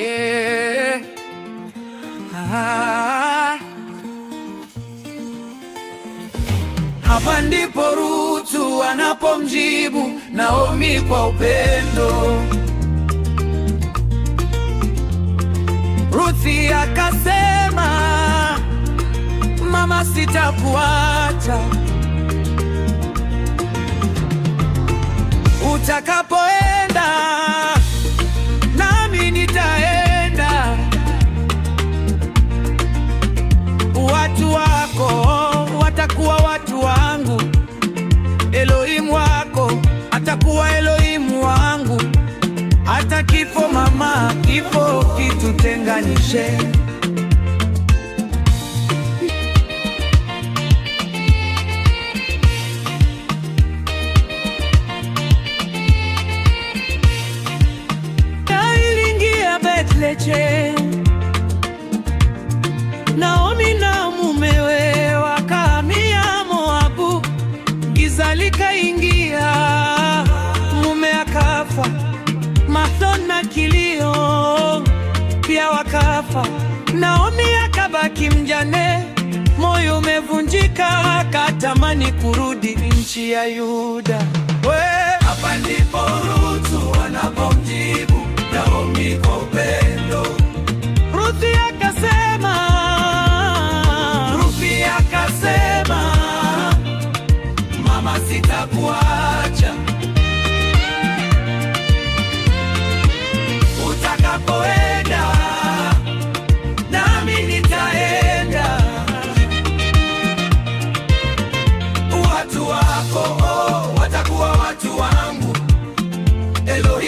yeah. Eh. Hapa ndipo rutu anapomjibu Naomi kwa upendo. Ruthi akasema, mama, sitakuacha utakapoenda utakuwa Elohimu wangu, hata kifo mama, kifo kitutenganishe kafa, Naomi akabaki mjane, moyo umevunjika, akatamani kurudi nchi ya Yuda. We, hapa ndipo Ruthu anapomjibu Naomi kwa upendo. Ruthu akasema, Ruthu akasema, mama sitakuwa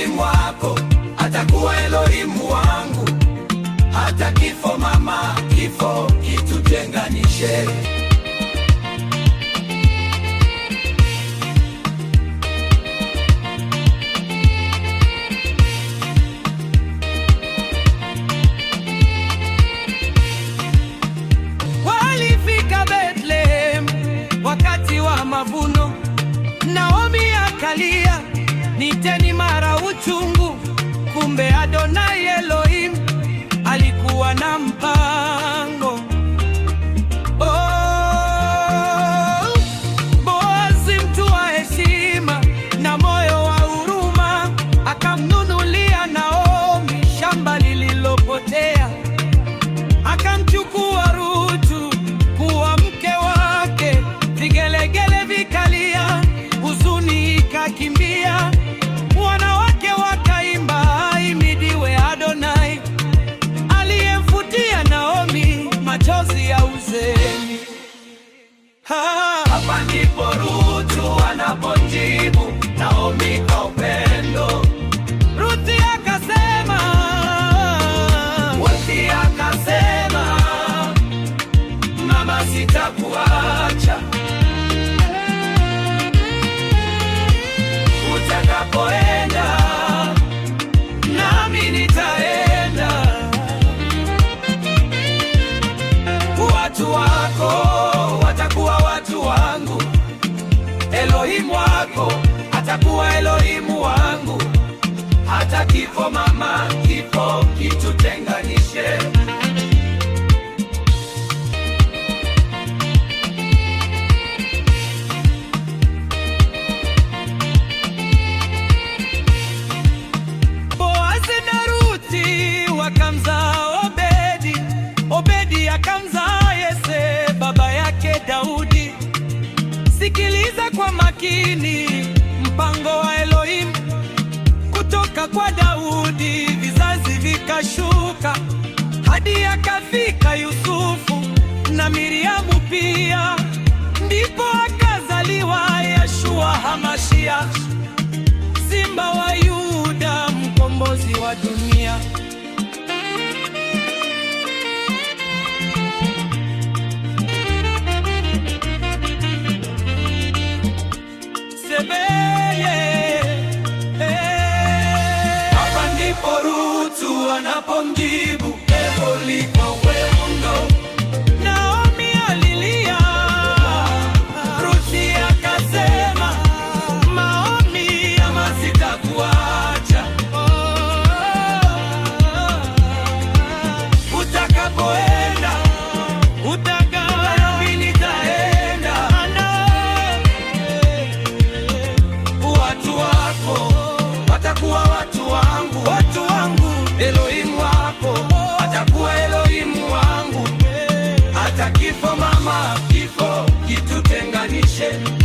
Elohim wako atakuwa Elohim wangu, hata kifo mama, kifo kitutenganishe. wakati wa mavuno, Naomi akalia, niteni mara Kifo mama, kifo kitutenganishe. Boazi na Ruti wakamzaa Obedi, Obedi akamzaa Yese baba yake Daudi. Sikiliza kwa makini mpango wa Elohim kutoka kwa Daudi vizazi vikashuka hadi akafika Yusufu na Miriamu pia, ndipo akazaliwa Yeshua Hamashia. Kifo mama, kifo kitutenganishe.